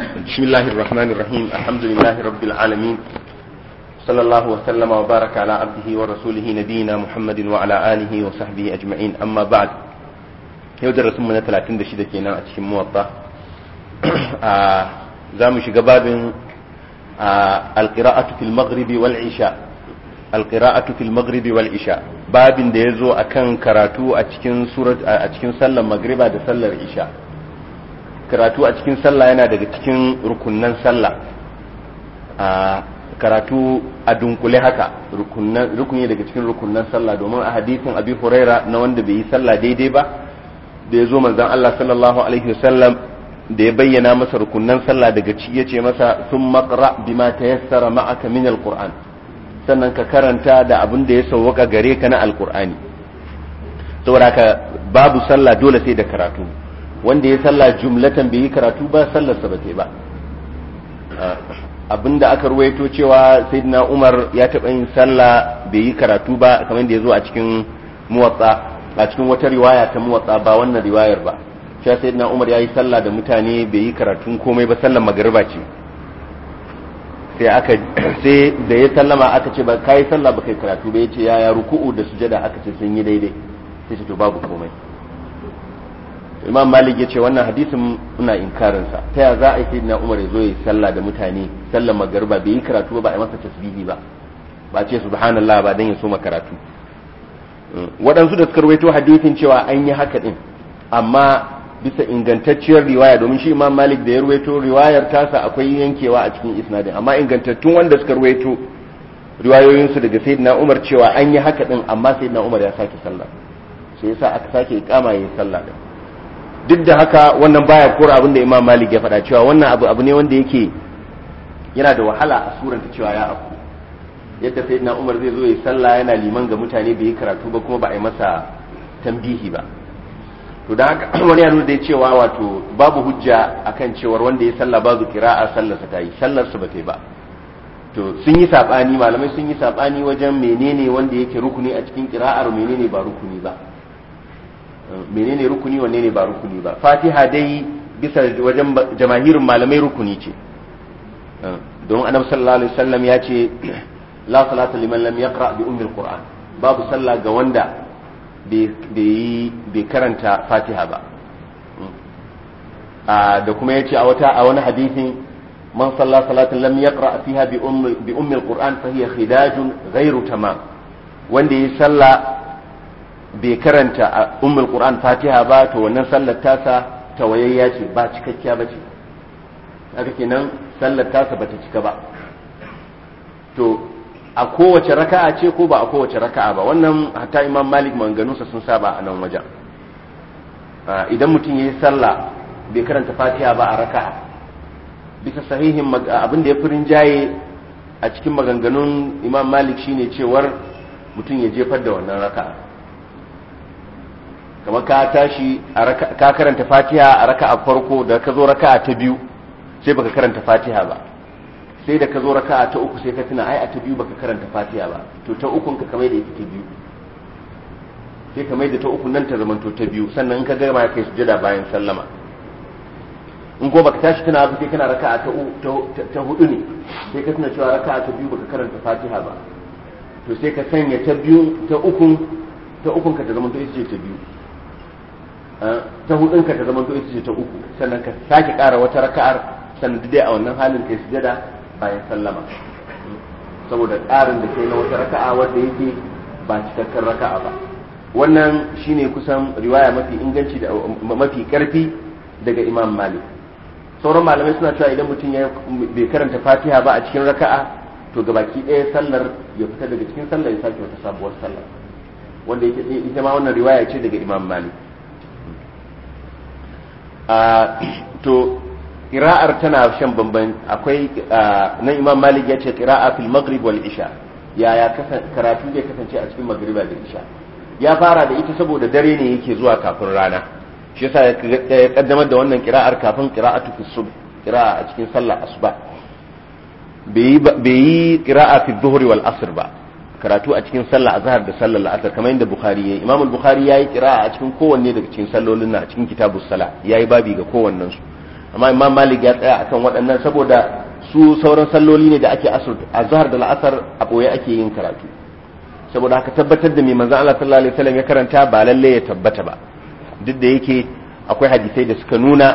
بسم الله الرحمن الرحيم الحمد لله رب العالمين صلى الله وسلم وبارك على عبده ورسوله نبينا محمد وعلى آله وصحبه أجمعين أما بعد يودر رسمنا 36 كينا أتشم موضع زامش قباب القراءة في المغرب والعشاء القراءة في المغرب والعشاء باب ديزو أكن كراتو أتشكن سورة أتشكن سلم مغربا دسلر عشاء karatu a cikin sallah yana daga cikin rukunnan sallah a karatu a dunkule haka rukuni daga cikin rukunnan sallah domin a hadisin abi huraira na wanda bai yi sallah daidai ba da ya zo manzon Allah sallallahu alaihi wasallam da ya bayyana masa rukunnan sallah daga ci ya ce masa sun maqra bima tayassara ma'aka min alquran sannan ka karanta da abin da ya sauwaka gare ka na alqur'ani saboda ka babu sallah dole sai da karatu wanda ya salla jumlatan bai yi karatu ba sallarsa ba ba ah, abinda aka ruwaito cewa sayyidina umar ya taɓa yin salla bai yi karatu ba kamar da ya zo a cikin muwatsa a cikin wata riwaya ta muwatsa ba wannan riwayar ba cewa sayyidina umar ya yi salla da mutane bai yi karatun komai ba sallar magariba ce sai aka sai da ya sallama aka ce ba kai salla ba kai karatu ba yace ya ruku'u da sujada aka ce sun yi daidai sai ce to babu komai imam malik ya ce wannan hadisin inkarin sa ta ya za a yi na umar ya zo ya sallah da mutane sallar magarba bai yi karatu ba ba a yi masa tasbihi ba ba ce subhanallah ba dan ya soma karatu mm. waɗansu da suka rawaito hadisin cewa an yi haka din amma bisa ingantacciyar riwaya domin shi imam malik da ya rawaito riwayar tasa akwai yankewa a cikin isnadin amma ingantattun wanda suka rawaito riwayoyinsu daga sayyidina umar cewa an yi haka din amma sayyidina umar ya sake sallah sai yasa aka sake kama yayin sallah din duk da haka wannan baya kora abin da imam malik ya fada cewa wannan abu abu ne wanda yake yana da wahala a suranta cewa ya afku yadda sai na umar zai zo ya sallah yana liman ga mutane bai yi karatu ba kuma ba a yi masa tambihi ba to da haka wani ya nuna da cewa wato babu hujja akan cewar wanda ya sallah babu kira'a sallarsa ta yi sallarsa ba ta ba to sun yi sabani malamai sun yi sabani wajen menene wanda yake rukuni a cikin kira'ar menene ba rukuni ba menene rukuni wanne ne ba rukuni ba fatiha dai bisa wajen jamahirin malamai rukuni ce ah, don annabi sallallahu alaihi wasallam ya ce la salata liman lam yaqra bi ummi qur'an babu sallah ga wanda bai karanta fatiha ba ah, da kuma yace a wata a wani hadisin man salla salatan lam yaqra fiha bi ummi qur'an fa hiya khidajun ghairu tamam wanda yi sallah bai karanta a ummul qur'an fatiha ba to wannan sallar tasa tawayayya ce ba cikakkiya ba ce haka kenan sallar tasa ta cika ba to a kowace raka'a ce ko ba a kowace raka'a ba wannan hatta imam malik sa sun saba a nan wajen idan mutum ya yi sallah bai karanta fatiha ba a raka'a bisa sahihin abin da ya firin jaye a cikin maganganun imam malik shine cewar mutum ya jefar da wannan raka'a kamar ka tashi ka karanta fatiha a raka a farko da ka zo raka ta biyu sai baka karanta fatiha ba sai da ka zo raka ta uku sai ka tuna ai a ta biyu baka karanta fatiha ba to ta ukun ka kamar da ita ta biyu sai kamar da ta uku nan ta to ta biyu sannan in ka ga ma kai sujada bayan sallama in ko baka tashi tuna ba sai kana raka'a ta ta hudu ne sai ka tuna cewa raka ta biyu baka karanta fatiha ba to sai ka sanya ta biyu ta ukun ta ukun ka ta to ita ce ta biyu ta hudun ka ta zama to ita ce ta uku sannan ka sake ƙara wata raka'ar sannan dai a wannan halin kai sujada bayan sallama saboda ƙarin da kai na wata raka'a wanda yake ba cikakken raka'a ba wannan shine kusan riwaya mafi inganci da mafi karfi daga Imam Malik sauran malamai suna cewa idan mutum ya bai karanta Fatiha ba a cikin raka'a to gabaki ɗaya sallar ya fita daga cikin sallar ya sake wata sabuwar sallar wanda ita ma wannan riwaya ce daga Imam Malik to ƙira'ar tana shan bamban akwai nan imam malik ya ce ƙira'a fil maghrib wal isha yaya karatu zai kasance a cikin magriba da isha ya fara da ita saboda dare ne yake zuwa kafin rana shi yasa ya kaddamar da wannan ƙira'ar kafin ƙira'atu fis sub ƙira'a a cikin sallar asuba bai yi ƙira'a dhuhri wal asr ba karatu a cikin sallah azhar da sallar la'asar kamar yadda bukhari yayi imam al-bukhari yayi qira'a a cikin kowanne daga cikin sallolin a cikin kitabus sala yayi babi ga kowannen su amma imam malik ya tsaya akan waɗannan saboda su sauran salloli ne da ake asr azhar da la'asar a boye ake yin karatu saboda haka tabbatar da mai manzon Allah sallallahu alaihi wasallam ya karanta ba lalle ya tabbata ba duk da yake akwai hadisai da suka nuna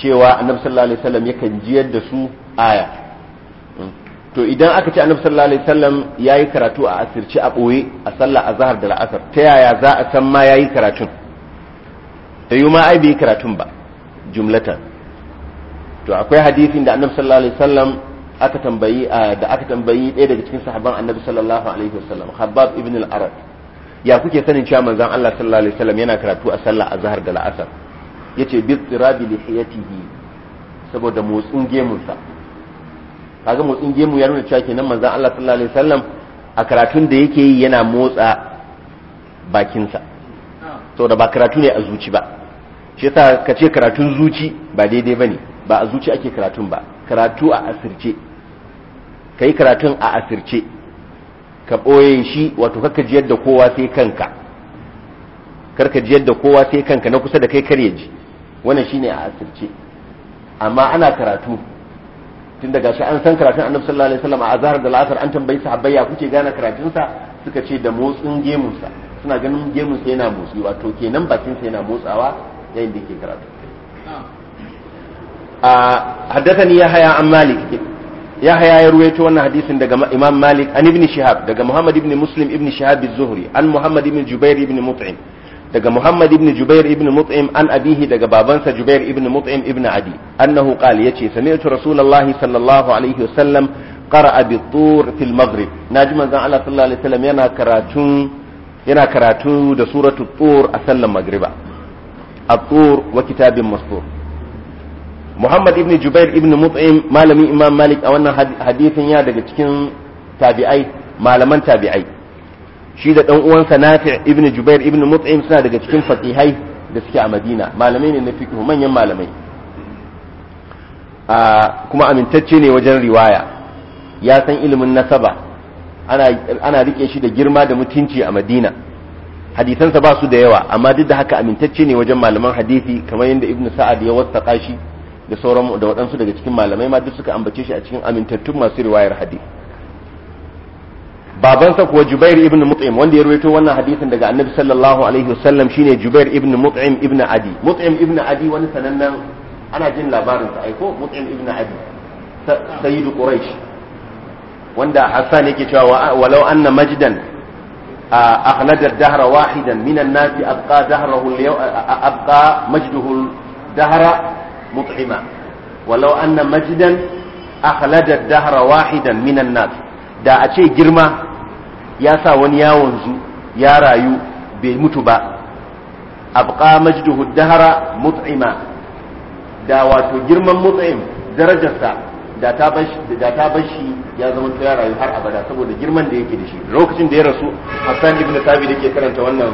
cewa annabi sallallahu alaihi wasallam yakan jiyar da su aya to idan aka ce annabi sallallahu alaihi wasallam yayi karatu a asirci a boye a sallah azhar da la'asar ta yaya za a san ma yayi karatun da yuma ai bai karatun ba jumlatan to akwai hadisin da annabi sallallahu alaihi wasallam aka tambayi da aka tambayi ɗaya daga cikin sahabban annabi sallallahu alaihi wasallam habab ibn al-arab ya kuke sanin cewa manzon Allah sallallahu alaihi wasallam yana karatu a sallah azhar da la'asar yace bi tirabi lihiyatihi saboda motsin gemunsa kaga motsin gemu ya nuna cewa kenan manzon Allah sallallahu alaihi wasallam a karatun da yake yi yana motsa bakinsa da ba karatu ne a zuci ba shi yasa ka ce karatun zuci ba daidai bane ba a zuci ake karatun ba karatu a asirce kai karatun a asirce ka ɓoye shi wato kakka jiyar da kowa sai kanka karka jiyar da kowa sai kanka na kusa da kai kar ya ji wannan shine a asirce amma ana karatu tun daga shi an san karatun annabi sallallahu alaihi wasallam a azhar da la'asar an tambayi sahabbai ya kuke gane karatun sa suka ce da motsin gemun sa suna ganin gemun sa yana motsi wato kenan bakin sa yana motsawa yayin da yake karatu a haddathani yahya an malik yahya ya ruwaito wannan hadisin daga imam malik an ibn shihab daga muhammad ibn muslim ibn shihab az-zuhri an muhammad ibn jubair ibn mut'im daga Muhammad ibn Jubair ibn Mut'im an abihi daga babansa Jubair ibn Mut'im ibn Adi annahu qala yace sami'tu Rasulullah sallallahu alaihi wasallam qara'a bi tur fil maghrib naji manzon Allah sallallahu alaihi wasallam yana karatu yana karatu da suratu tur a sallan magriba at-tur wa kitabin mastur Muhammad ibn Jubair ibn Mut'im malamin Imam Malik a wannan hadisin ya daga cikin tabi'ai malaman tabi'ai shi da ɗan uwansa Nafi' ibn Jubair ibn Mut'im suna daga cikin faqihai da suke a Madina malamai ne na fiqh manyan malamai ah, kuma amintacce ne wajen riwaya ya san ilimin nasaba ana ana rike shi da girma da mutunci a Madina hadisansa ba su da yawa amma duk da haka amintacce ne wajen malaman hadisi kamar yadda Ibn Sa'ad ya wattaka shi da sauran da waɗansu daga cikin malamai ma duk suka ambace shi a cikin amintattun masu riwayar hadisi babansa kuwa Jubair ibn Mut'im wanda ya rawaito wannan hadisin daga Annabi sallallahu alaihi wasallam shine Jubair ibn Mut'im ibn Adi Mut'im ibn Adi wani sanannen ana jin labarin sa aiko Mut'im ibn Adi sayyidu Quraysh wanda Hassan yake cewa walau anna majdan أخلد الدهر واحدا من الناس أبقى دهره اليوم أبقى مجده الدهر مطعما ولو أن مجدا أخلد الدهر واحدا من الناس da a ce girma ya sa wani ya wanzu ya rayu bai mutu ba abqa majduhu dahara mut'ima da wato girman mut'im darajarsa da ta bashi da ta bashi ya zama ya rayu har abada saboda girman da yake da shi lokacin da ya rasu Hassan ibn Sabi da ke karanta wannan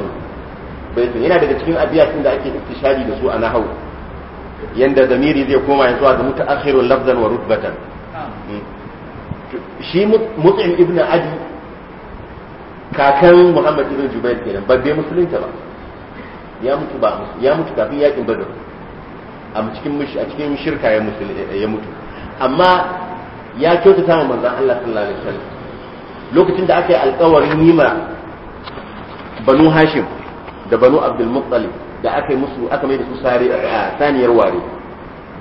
baitin yana daga cikin abiyatin da ake istishari da su a nahwu yanda zamiri zai koma yanzu ga mutaakhirun lafzan wa rutbatan hmm. shi mut'im ibn adi kakan muhammad ibn jubair kenan ba bai musulunta ba ya mutu ba ya mutu kafin yakin badr a cikin a cikin shirka ya ya mutu amma ya kyautata wa manzon Allah sallallahu alaihi wasallam lokacin da aka yi alƙawarin yima banu hashim da banu abdul muttalib da aka yi musu aka mai da su sare a saniyar ware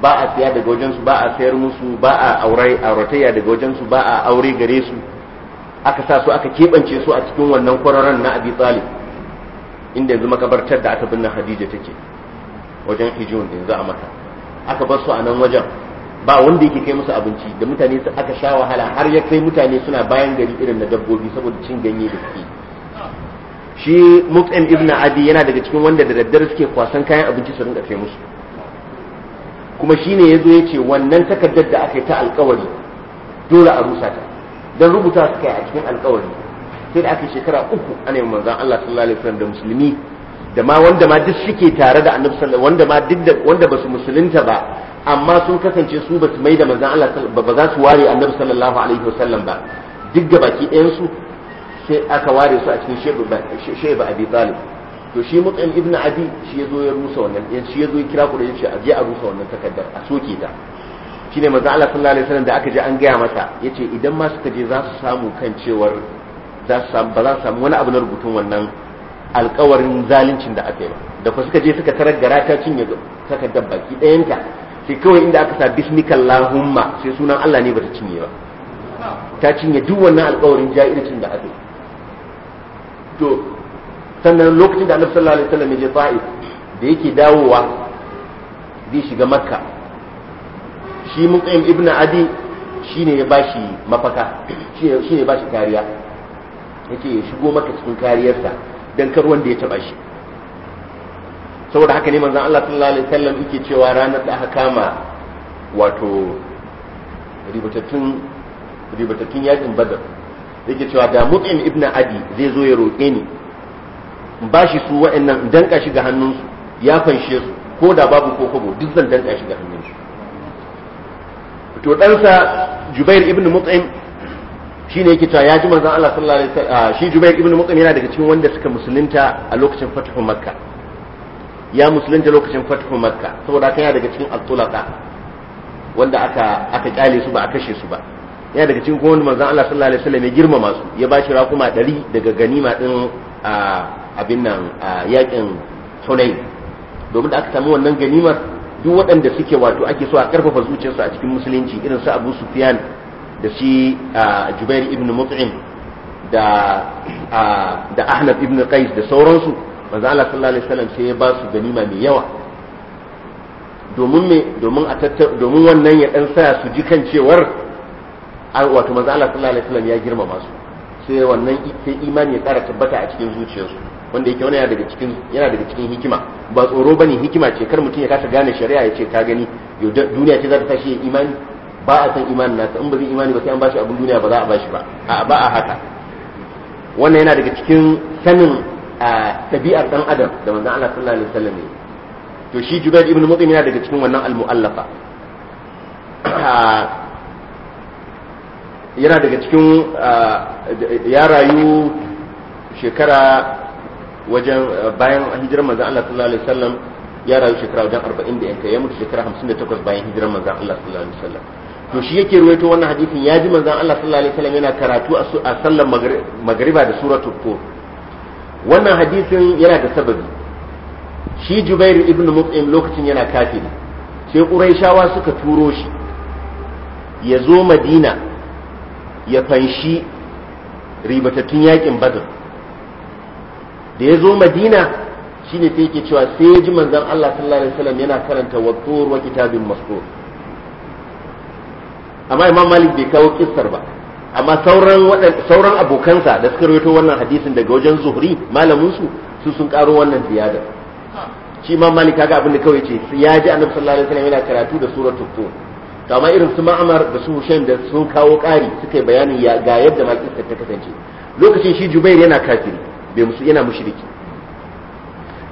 ba a siya daga wajen su ba a sayar musu ba a aure auratayya daga wajen su ba a aure gare su aka sa su aka keɓance su a cikin wannan kwararan na abi talib inda yanzu makabartar da aka binne hadija take wajen hijun yanzu a mata aka bar su a nan wajen ba wanda yake kai musu abinci da mutane su aka sha wahala har ya kai mutane suna bayan gari irin na dabbobi saboda cin ganye da suke shi mutsan ibn adi yana daga cikin wanda da daddare suke kwasan kayan abinci su rinka kai musu kuma shine yazo yace wannan takaddar da aka yi ta alkawari dole a rusa ta dan rubuta su kai a cikin alƙawari sai da aka shekara uku ana yin manzon Allah sallallahu alaihi wasallam da musulmi da ma wanda ma duk suke tare da annabi sallallahu wanda ma duk wanda basu musulunta ba amma sun kasance su basu mai da manzon Allah ba za su ware annabi sallallahu alaihi wasallam ba duk ga baki ɗayan su sai aka ware su a cikin sheba abi talib to shi mutsayin ibnu abi shi yazo ya rusa wannan shi yazo ya kira ku da yace a je a rusa wannan takaddar a soke ta shine manzo Allah sallallahu alaihi wasallam da aka je an gaya masa yace idan ma suka je za su samu kan cewar za su samu ba za su samu wani abu na rubutun wannan alkawarin zaluncin da aka yi ba da fa suka je suka tarar gara ta cinye saka baki ɗayanta sai kawai inda aka sa bismikallahumma sai sunan Allah ne bata cinye ba ta cinye duk wannan alkawarin jahilcin da aka yi to sannan lokacin da annabi sallallahu alaihi wasallam ya je ta'if da yake dawowa zai shiga makka shi muqim ibn adi shine ya bashi mafaka ne ya bashi kariya yake ya shigo maka cikin kariyarsa dan kar wanda ya taba shi saboda haka ne manzon Allah sallallahu alaihi wasallam yake cewa ranar da aka kama wato ribatattun ribatattun yakin badar yake cewa da muqim ibn adi zai zo ya roƙe ni in bashi su wa'annan in danka shi ga hannunsu ya fanshe su ko da babu ko kobo duk zan danka shi ga hannunsu to ɗansa jubair ibn mut'im shine yake cewa ya ji manzon Allah sallallahu alaihi wasallam ah, shi jubair ibn mut'im yana daga cikin wanda suka musulunta a lokacin fathu makka ya musulunta lokacin fathu makka saboda haka yana daga cikin al-tulaqa wanda aka aka kyale su ba a kashe su ba yana daga cikin wanda manzon Allah sallallahu alaihi wasallam ya girmama su ya bashi rakuma 100 daga ganima din ah, abin nan ah, yakin Hunain domin da aka samu wannan ganimar duk waɗanda suke wato ake so a karfafa zuciyarsu a cikin musulunci irin su abu sufyan da shi jubair ibn mut'im da da ahnab ibn qais da sauransu manzo Allah sallallahu alaihi wasallam sai ya ba su ganima mai yawa domin me domin a domin wannan ya dan saya su ji kan cewar wato manzo Allah sallallahu alaihi wasallam ya girmama su sai wannan sai imani ya ƙara tabbata a cikin zuciyarsu wanda yake wani yana daga cikin hikima ba tsoro ne hikima ce kar mutum ya kasa gane shari'a ya ce ka gani duniya ce za ta tashi imani ba a san imani na in ba zai imani ba sai an ba shi abin duniya ba za a shi ba a ba a haka wannan yana daga cikin sanin tabi'ar dan adam da manzon Allah sallallahu alaihi wasallam ne to shi Jubair ibn Mut'im yana daga cikin wannan al-mu'allafa yana daga cikin ya rayu shekara wajen eh, bayan hijirar manzon Allah sallallahu alaihi wasallam ya rayu shekara wajen 40 da yanka ya mutu shekara 58 bayan hijirar manzon Allah sallallahu alaihi wasallam to shi yake ruwaito wannan hadisin ya ji manzon Allah sallallahu alaihi wasallam yana karatu a sallar magriba da suratul tur wannan hadisin yana da sababi shi Jubair ibn Mut'im lokacin yana kafiri sai Quraishawa suka turo shi ya zo Madina ya fanshi ribatattun yakin Badr da ya zo madina shi ne sai yake cewa sai ya ji manzan Allah sallallahu alaihi wasallam yana karanta wattur wa kitabin mastur amma imam malik bai kawo kissar ba amma sauran sauran abokansa da suka rawaito wannan hadisin daga wajen zuhri malamin su su sun karo wannan ziyada shi imam malik kaga abin da kawai ce ya ji annabi sallallahu alaihi wasallam yana karatu da suratul tur to amma irin su ma'amar da su hushaim da sun kawo ƙari suka yi bayanin ga yadda ma ta kasance lokacin shi jubair yana kafiri bai musu yana mushriki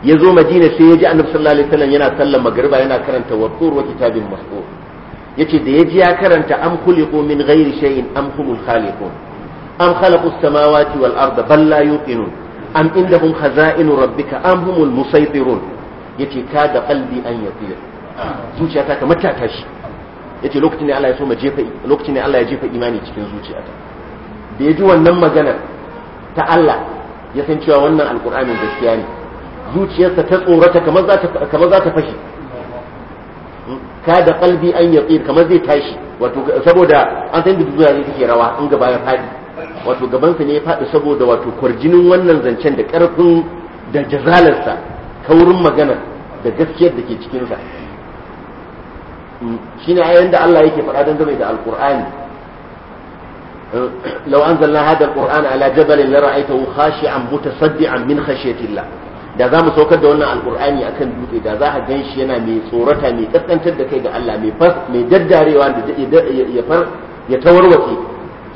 ya zo madina sai ya ji annabi sallallahu alaihi wasallam yana sallan magriba yana karanta wa tur wa kitabin mas'ud yace da ya ji ya karanta am khuliqu min ghairi shay'in am humul khaliqun am khalaqu as-samawati wal arda bal la yuqinun am indahum khaza'inu rabbika am humul musaytirun yace ka da qalbi an yatir zuciyata kamar ta tashi yace lokacin ne Allah ya so ma jefa lokacin ne Allah ya jefa imani cikin zuciyata da ya ji wannan magana ta Allah ya san cewa wannan alkur'anin gaskiya ne zuciyarsa ta tsorata kamar za ta fashe hmm? ka da kalbi an ya tsir kamar zai tashi wato saboda an san da zuciya ne take rawa in gaba ya faɗi wato gabansa ne ya faɗi saboda wato kwarjinin wannan zancen da karfin da jazalarsa kaurin magana da gaskiyar da ke cikinsa hmm? shine ayan da Allah yake faɗa don game da alkur'ani لو أنزلنا هذا القرآن على جبل لرأيته خاشعا متصدعا من خشية الله da za mu saukar da wannan alkur'ani akan dutse da za a gan shi yana mai tsorata mai kaskantar da kai ga Allah mai fas mai daddarewa da ya far ya tawarwace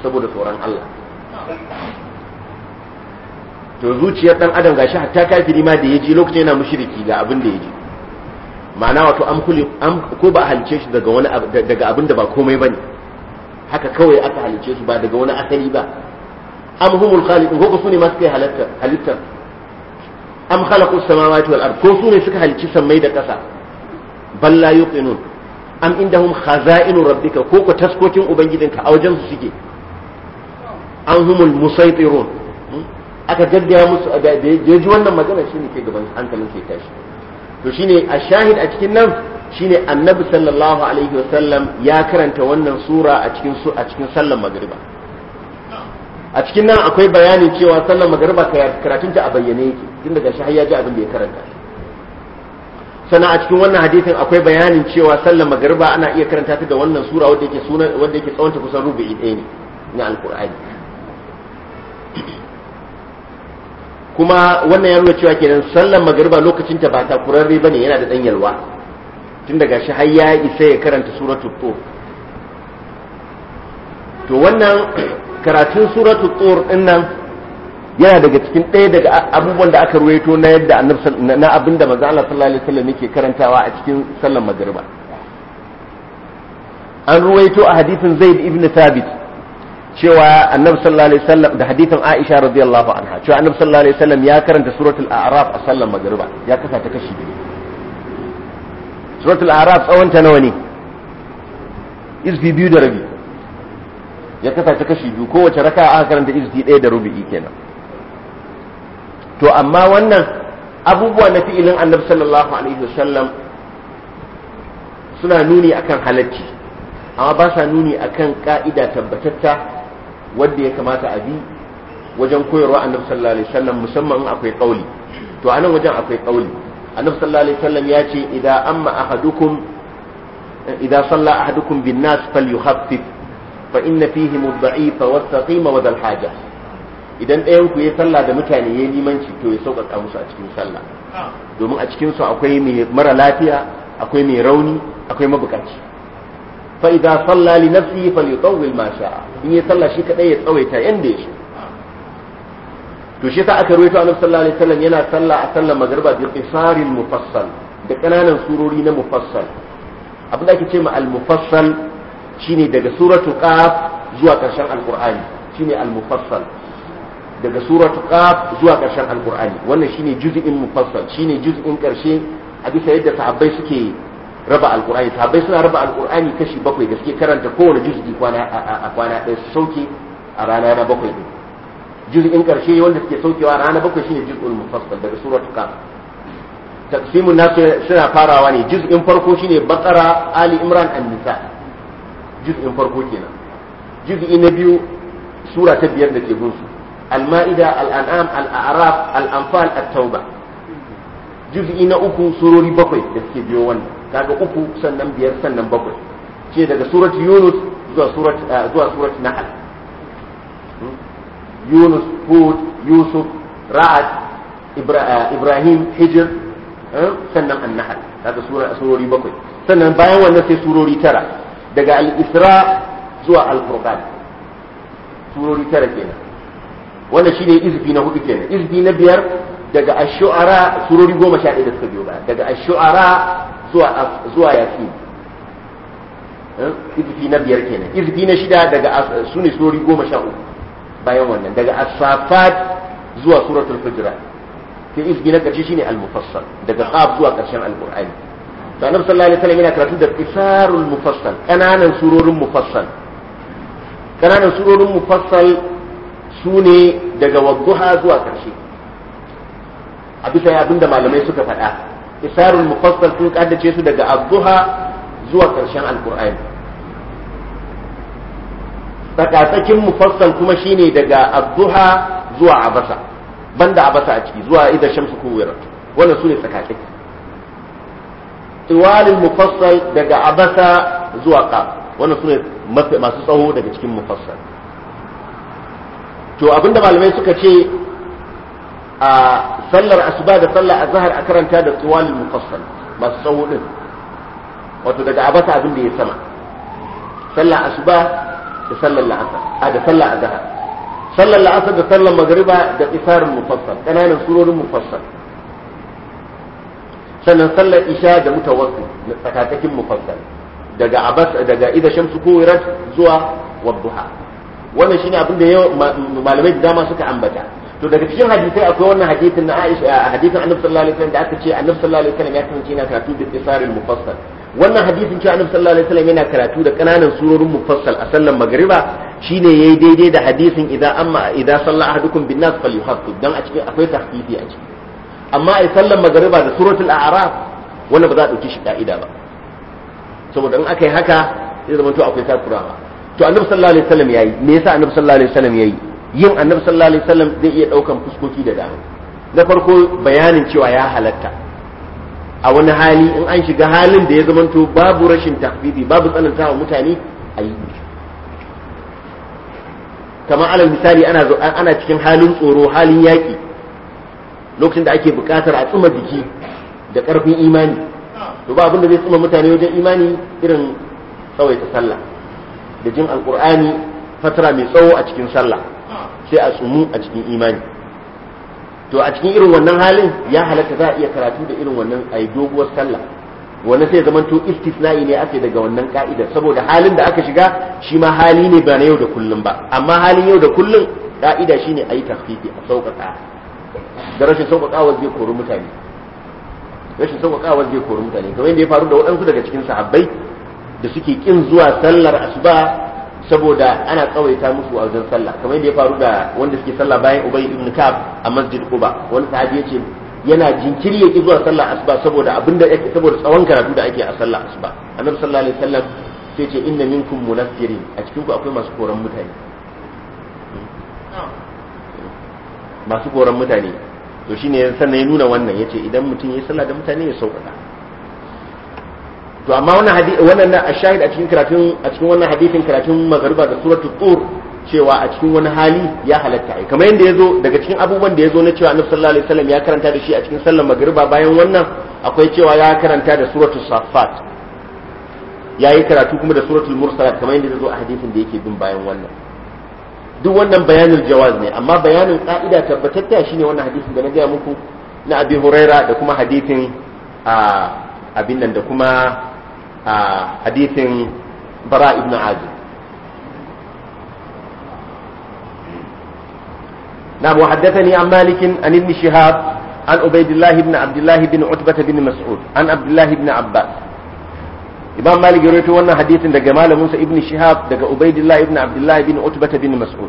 saboda tsoron Allah to zuciyar dan adam gashi hatta kafiri ma da yaji lokacin yana mushriki ga abin da yaji ma'ana wato am ko ba halice shi daga wani daga abin da ba komai bane haka kawai aka halice su ba daga wani asali ba am humul khaliqun ko su ne masu kai halitta halitta am khalaqu samawati wal ard ko su ne suka halici sammai da ƙasa bal la yuqinun am indahum khaza'inu rabbika ko ko taskokin ubangidinka a wajen su suke an humul musaitirun aka gaddaya musu da ya ji wannan magana shine ke gaban hankalin sai tashi to shine a shahid a cikin nan shine annabi sallallahu alaihi wasallam ya karanta wannan sura a cikin su a cikin sallar magriba a cikin nan akwai bayanin cewa sallar magriba karatun ta a bayyane yake tun daga shi ya ji abin da ya karanta sannan a cikin wannan hadisin akwai bayanin cewa sallar magriba ana iya karanta ta da wannan sura wanda yake sunan wanda yake tsawon ta kusan rubu'i ɗaya ne na alqur'ani kuma wannan ya nuna cewa kenan sallar magriba lokacin ta ba takurarre bane yana da dan yalwa tun daga shi har ya isa ya karanta suratul tur to wannan karatun suratul tur din nan yana daga cikin ɗaya daga abubuwan da aka ruwaito na yadda annabi na abin da manzo Allah sallallahu alaihi wasallam yake karantawa a cikin sallar magriba an ruwaito a hadithin Zaid ibn Thabit cewa annabi sallallahu alaihi wasallam da hadithin Aisha radiyallahu anha cewa annabi sallallahu alaihi wasallam ya karanta suratul a'raf a sallar magriba ya kasa ta kashi biyu suratul araf ta nawa ne izfi biyu da rabi ya kasa ta kashi biyu kowace raka aka karanta izfi ɗaya da rubi kenan to amma wannan abubuwa na fi'ilin annabi sallallahu alaihi wasallam suna nuni akan halacci amma ba sa nuni akan ka'ida tabbatatta wadda ya kamata a bi wajen koyarwa annabi sallallahu alaihi wasallam musamman akwai kauli to anan wajen akwai kauli annabi sallallahu alaihi wasallam ya ce idan amma ahadukum idan salla ahadukum bin nas falyukhaffif fa inna fihim ad-da'if was wa dal-haja idan ɗayan ku ya sallah da mutane ya limanci to ya sauƙaƙa musu a cikin sallah domin a cikin su akwai mai mara lafiya akwai mai rauni akwai mabukaci fa idan salla li nafsihi falyutawwil ma sha in ya salla shi kadai ya tsawaita yanda ya so to shi ta aka rawaito annabi sallallahu alaihi wasallam yana sallah a sallar magriba bi qisaril mufassal da kananan surori na mufassal abin da ake ce ma al mufassal shine daga suratu qaf zuwa karshen alqur'ani shine al mufassal daga suratul qaf zuwa karshen alqur'ani wannan shine juz'in mufassal shine juz'in karshe a bisa yadda sahabbai suke raba alqur'ani sahabbai suna raba alqur'ani kashi bakwai da suke karanta kowane juz'i kwana a kwana ɗaya su sauke a rana na bakwai juz'in karshe wanda suke saukewa rana bakwai shine juz'ul mufassal daga suratul kaf taqsimun nasu suna farawa ne juz'in farko shine baqara ali imran an-nisa juz'in farko kenan juz'i na biyu sura ta biyar da ke gunsu al-ma'ida al-an'am al-a'raf al-anfal at-tauba juz'i na uku surori bakwai da suke biyo wannan kaga uku sannan biyar sannan bakwai ce daga surat yunus zuwa surat zuwa surat nahl yunus hud yusuf ra'ad eh, ibrahim hijir eh, sannan النحل هذا surori bakwai sannan bayan wannan sai surori tara daga al-isra zuwa al-furqan surori tara kenan wannan shine izbi na hudu kenan izbi na biyar daga ash surori goma sha ɗaya da suka biyo ba daga ash zuwa zuwa yasin eh, izbi na biyar kenan izbi na shida daga surori goma sha uku bayan wannan daga asafat zuwa suratul hujurat ke izgi na karshe shine al-mufassal daga qaf zuwa karshen al-qur'ani to annabi sallallahu alaihi wasallam yana karatu da isarul mufassal kananan surorin mufassal kananan surorin mufassal sune daga wadduha zuwa karshe a bisa abinda malamai suka faɗa isarul mufassal sun kaddace su daga adduha zuwa karshen al-qur'ani tsakatsakin mufassal kuma shine daga abduha zuwa abasa banda abasa a ciki zuwa idan shamsu ko wira wannan sune tsakatsaki tuwal mufassal daga abasa zuwa qaf wannan sune masu tsawo daga cikin mufassal to abinda malamai suka ce a sallar asuba da sallar azhar a karanta da tuwal mufassal masu tsawo din wato daga abasa abin da ya sama sallar asuba da sallar la'asar a da sallar azhar sallar la'asar da sallar magriba da isarin mufassal kananan surorin mufassal sannan sallar isha da mutawassil tsakakakin mufassal daga abas daga idza shamsu kuwirat zuwa wadduha wannan shine abin da malamai da dama suka ambata to daga cikin hadisai akwai wannan hadisin na Aisha hadisin Annabi sallallahu alaihi wasallam da aka ce Annabi sallallahu alaihi wasallam ya kasance yana karatu da tisaril mufassal wannan hadisin cewa annabi sallallahu alaihi wasallam yana karatu da kananan surorin mufassal a sallan magriba shine yayi daidai da hadisin idan amma idan salla ahadukum bin nas falyuhaffid dan a cikin akwai tahfifi a ciki amma ai sallan magriba da suratul a'raf wannan ba za a dauki shi ka'ida ba saboda in aka yi haka zai zama to akwai takurawa to annabi sallallahu alaihi wasallam yayi me yasa annabi sallallahu alaihi wasallam yayi yin annabi sallallahu alaihi wasallam zai iya daukan fuskoki da dama na farko bayanin cewa ya halatta a wani hali in an shiga halin da ya zamanto babu rashin takfifi babu tsananta wa mutane a yi kamar alal misali ana ana cikin halin tsoro halin yaƙi lokacin da ake buƙatar a tsuma jiki da ƙarfin imani to ba abin da zai tsuma mutane wajen imani irin tsawaita sallah da jin alƙur'ani fatara mai tsawo a cikin sallah sai a tsumu a cikin imani to a cikin irin wannan halin ya halatta za a iya karatu da irin wannan ai doguwar sallah wannan sai zaman to istisna'i ne ake daga wannan ka'idar saboda halin da aka shiga shi ma hali ne ba na yau da kullum ba amma halin yau da kullum ka'ida shine a yi a sauƙaƙa da rashin sauƙaƙawa zai kori mutane rashin sauƙaƙawa zai kori mutane kamar yadda ya faru da waɗansu daga cikin sahabbai da suke ƙin zuwa sallar asuba saboda ana tsawaita musu a wajen sallah kamar yadda ya faru da wanda suke sallah bayan ubay ibn kab a masjid quba wani sahabi yace yana jinkiri yake zuwa sallah asuba saboda abinda yake saboda tsawon karatu da ake a sallah asuba annabi sallallahu alaihi wasallam sai ce inna minkum munaffirin a cikin ku akwai masu koran mutane masu koran mutane to shine sannan ya nuna wannan yace idan mutum ya sallah da mutane ya sauka to amma wannan hadisi wannan na ashahid a cikin karatun a cikin wannan hadisin karatun magariba da suratul qur cewa a cikin wani hali ya halatta ai kamar yanda yazo daga cikin abubuwan da yazo na cewa annabi sallallahu alaihi wasallam ya karanta da shi a cikin sallar magariba bayan wannan akwai cewa ya karanta da suratul ya yayi karatu kuma da suratul mursalat kamar yadda yazo a hadisin da yake bin bayan wannan duk wannan bayanin jawaz ne amma bayanin ka'ida ta shine wannan hadisin da na gaya muku na abi huraira da kuma hadisin a abin nan da kuma a hadithin bara ibn azib نعم وحدثني عن مالك an ابن شهاب عن عبيد الله بن عبد الله بن عتبة بن مسعود عن عبد الله بن عباس imam malik ya rawaito wannan hadithin daga malamin sa ibnu shihab daga ubaidillah ibnu abdullah ibn utbah bin mas'ud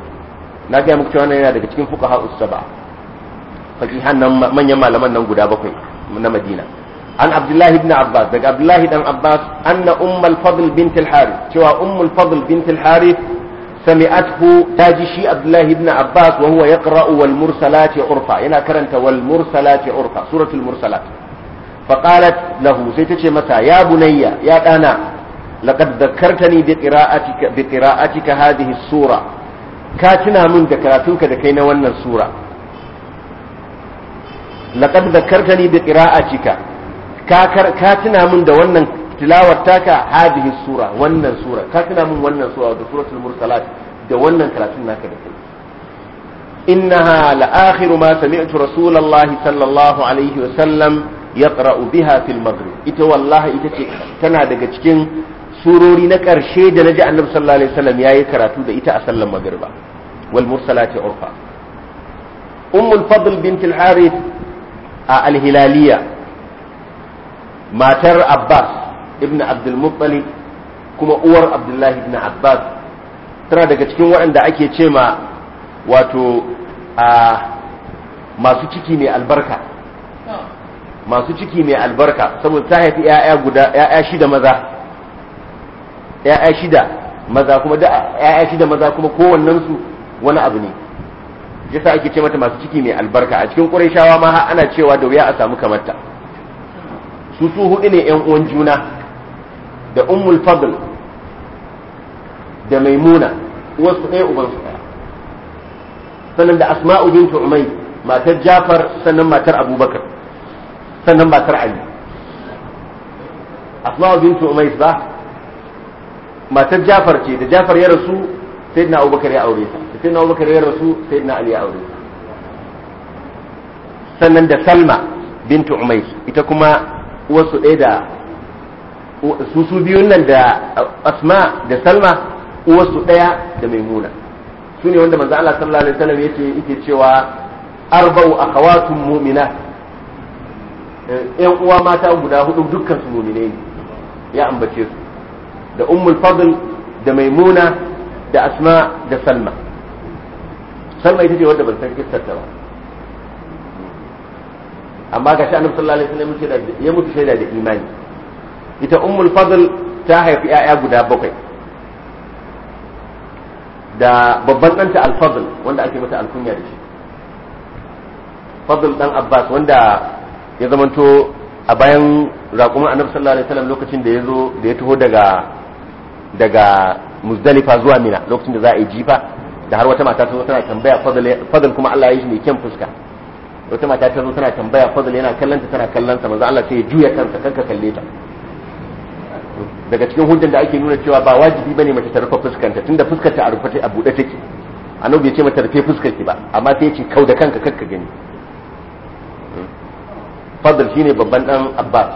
na ga muku cewa yana daga cikin fuqaha us-saba faqihan nan manyan malaman nan guda bakwai na madina an abdullahi ibn abbas daga abdullahi dan abbas anna ummul fadl bint al harith cewa ummul fadl bint al harith sami'athu shi abdullahi ibn abbas wa huwa yaqra'u wal urfa yana karanta wal mursalati urfa suratul mursalat fa qalat lahu sai tace masa ya bunayya ya dana laqad dhakartani bi qira'atika bi qira'atika sura ka min da karatunka da kai na wannan sura laqad dhakartani bi qira'atika ka tuna min da wannan tilawar taka hadhihi sura wannan sura ka tuna min wannan sura da suratul mursalat da wannan karatun naka da kai innaha la'akhiru ma sami'tu rasulullahi sallallahu alaihi wa sallam yaqra'u biha fil maghrib ita wallahi ita ce tana daga cikin surori na karshe da naji annabi sallallahu alaihi wasallam yayi karatu da ita a sallan maghriba wal mursalati urfa ummul fadl bint al harith al hilaliya matar abbas ibn abdulmuttalib kuma uwar abdullahi ibn abbas tana daga cikin waɗanda ake ce ma wato masu ciki mai albarka masu ciki mai albarka saboda ta haifi 'ya'ya guda 'ya'ya shida maza 'ya'ya shida maza kuma da 'ya'ya shida maza kuma su wani abu ne yasa ake ce mata masu ciki mai albarka a cikin shawa ma ana cewa da wuya a samu kamarta su su hudu ne yan uwan juna da ummul fadl da maimuna uwarsu ɗaya su ɗaya sannan da asma'u bintu umay matar jafar sannan matar abubakar sannan matar ali asma'u bintu umay ba matar jafar ce da jafar ya rasu sayyidina abubakar ya aure ta da sayyidina abubakar ya rasu sayyidina ali ya aure ta sannan da salma bintu umay ita kuma wasu ɗaya da su su biyun nan da asma da salma wasu ɗaya da maimuna su ne wanda manzo Allah sallallahu alaihi wasallam yake yake cewa arba'u akhawatun mu'mina yan eh, uwa mata guda hudu dukkan su mu'mine ne ya ambace su da ummul fadl da maimuna da asma da salma salma ita ce wadda ban san kissar ta ba amma ga shi annabi sallallahu alaihi wasallam ya mutu shaida da imani ita ummul fadl ta haifi yaya guda bakwai da babban ɗanta al-fadl wanda ake mata alkunya da shi fadl dan abbas wanda ya zamanto a bayan raƙumin annabi sallallahu alaihi wasallam lokacin da ya zo da ya taho daga daga muzdalifa zuwa mina lokacin da za a yi jifa da har wata mata ta zo tana tambaya fadl kuma Allah ya yi shi mai kyan fuska wata mata ta zo tana tambaya fadl yana kallon ta tana kallon sa manzo Allah sai ya juya kansa kanka kalle ta daga cikin hujjar da ake nuna cewa ba wajibi bane mace ta rufe fuskanta tunda fuskar ta a rufe ta a bude take annabi ya ce mata rufe fuskar ki ba amma sai ya ce kau da kanka kanka gani fadl shine babban dan abbas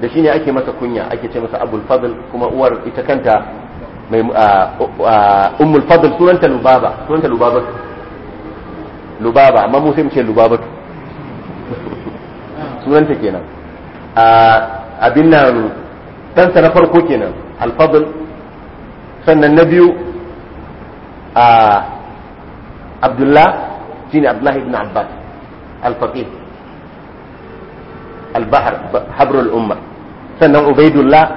da shine ake masa kunya ake ce masa abul fadl kuma uwar ita kanta mai ummul fadl sunanta lubaba sunanta lubaba lubaba amma mu sai mu ce lubabatu sunanta kenan a abin nan ɗansa na farko kenan alfadl sannan na biyu a abdullah shine abdullah ibn abbas alfaqih albahar sannan ubaidullah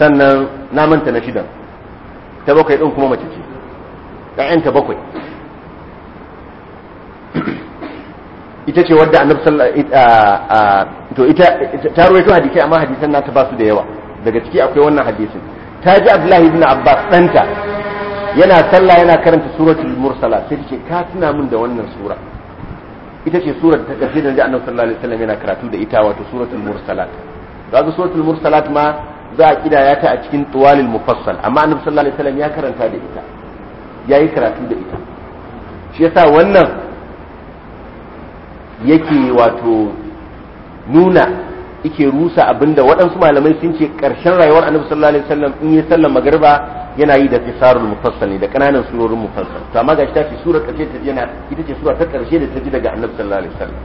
sannan namanta na shidan ta bakwai ɗin kuma mace ce ƴaƴanta bakwai ita ce wadda annabi sallallahu to ita ta rawaito hadisi amma hadisan na ba su da yawa daga ciki akwai wannan hadisin ta ji abdullahi ibn abbas ɗanta yana sallah yana karanta suratul mursala sai ta ce ka tuna min da wannan sura ita ce da ta ƙarshe da ji annabi sallallahu alaihi wasallam yana karatu da ita wato suratul mursalat ga suratul mursalat ma za a kidaya ta a cikin tuwalil mufassal amma annabi sallallahu alaihi wasallam ya karanta da ita yayi karatu da ita shi yasa wannan yake wato nuna yake rusa abinda waɗansu malamai sun ce ƙarshen rayuwar annabi sallallahu alaihi wasallam in ya sallama magriba yana yi da qisarul mufassal ne da kananan surorin mufassal to amma gashi ta ce sura ƙarshe ta yana ita ce sura ta ƙarshe da ta ji daga annabi sallallahu alaihi wasallam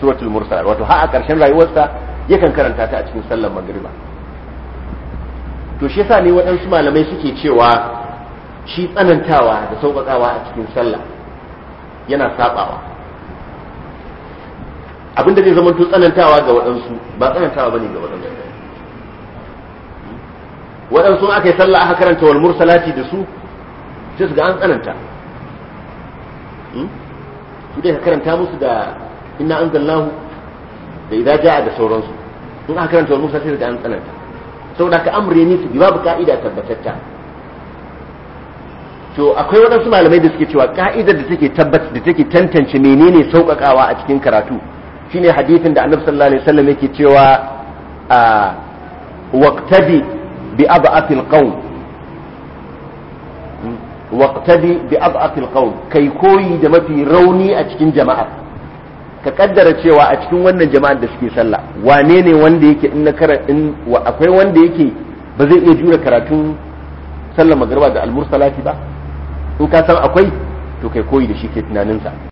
suratul mursalat wato har a ƙarshen rayuwarsa yakan karanta ta a cikin sallar magriba to shi yasa ne waɗansu malamai suke cewa shi tsanantawa da sauƙaƙawa a cikin sallah yana saɓawa abin da zai zama to tsanantawa ga waɗansu ba tsanantawa bane ga waɗansu waɗansu aka yi sallah aka karanta wal mursalati da su sai su ga an tsananta hmm? su dai ka karanta musu da inna anzalnahu da idza jaa da sauransu in aka karanta wal mursalati sai su ga an tsananta saboda ka amre ne su bi babu ka'ida tabbatacce to akwai waɗansu malamai da suke cewa ka'idar da take tabbat da take tantance menene sauƙaƙawa a cikin karatu shine hadithin da annabi sallallahu alaihi wasallam yake cewa a waqtabi bi ab'atil qawm hmm? waqtabi bi ab'atil qawm kai koyi da mafi rauni a cikin jama'a ka kaddara cewa a cikin wannan jama'ar da suke sallah wane ne wanda yake in na kara in akwai wanda yake ba zai iya jura karatun sallar magarba da almursalati ba in ka san akwai to kai koyi da shi ke tunaninsa